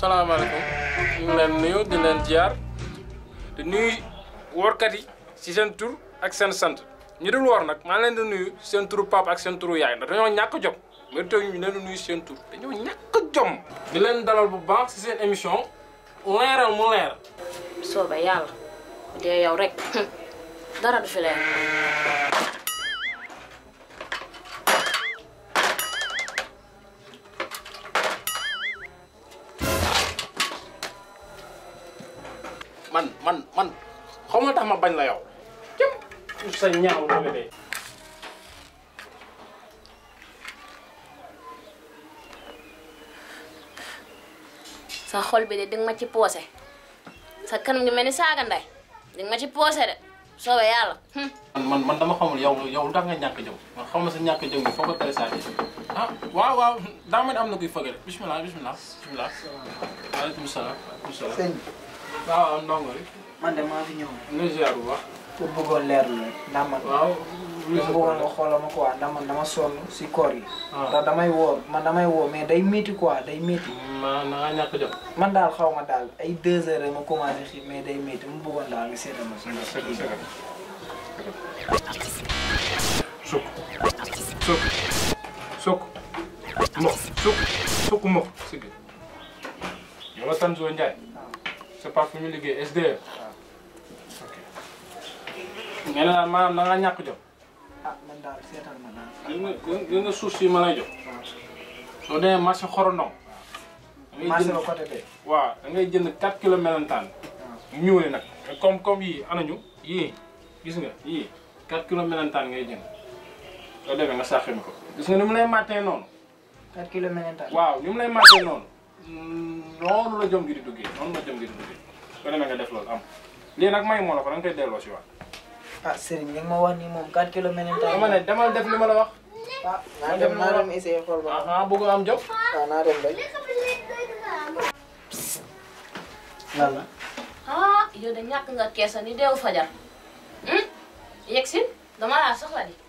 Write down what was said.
salaamaaleykum ñu ngi leen nuyu di leen ziar di nuyu workat yi ci seen tur ak seen sant ñu dul wor nag maa leen di nuyu seen turu pap ak seen turu yaay ndax dañoo ñàkk jom mérité ñu leen di nuyu seen tur dañoo ñàkk jom di leen dalal bu baax ci seen émission leeral mu leer sooba yàlla bu dee yow rek dara du fi man man man xaw ma tax ma bañ la yow. cëm sa ñaaw la bébé. sa xol bi de dinga ma ci poose sa kanam ngi mel ni saaga nday dinga ma ci poosé de. soobee yàlla. Hmm. man man dama xamul yow yow lu tax nga ñàkk jëm man xaw ma sa ñàkk jëm foo ko présenté ah, waaw waaw daa mel ni am na kuy fëgg rek bisimilah bisimilah bisimilah. waaleykum salaam waaleykum salaam. sëñ bi. waaw ndongo li. man de maa fi ñëw. bu baax. pour bëggoon leerlu la. waaw. ma bëggoon nga xoolal ma quoi dama dama sonn si koor yi. Ah. ndax damay mais day métti quoi day métti. ma na nga ñàkk jot. man daal xaw ma daal ay deux heures ma commencé xii mais day métti mu bëggoon daal nga seetal ma. sukk sukk sukk mboq sukk sukk mboq si biir. yow ah man daal seetal ma naan. gis nga gis nga suuf si ma côté de. waaw da ngay jënd 4 kilo melentaan. ñuule nag comme comme yii anañu yii gis nga yii 4 kilo melentaan ngay jënd. soo demee nga sàqim ko gis nga ni mu lay màttee noonu. 4 kilo melentaan. waaw ni mu lay màttee Non noonu la jom gi di duggee noonu la jom gi di duggee soo demee nga def loolu am lii nak may moo la ko da nga koy delloo si ah Serigne li nga ma wax nii moom 4 kilomètres. dama ne demal def li la ah, wax. naa dem naa dem essayé xool ba. ah ah bëgg am jóg. naa dem rek. ah yow de ñàkk nga keesa ni deewu fajar. Hmm? yegg si dama laa soxla di.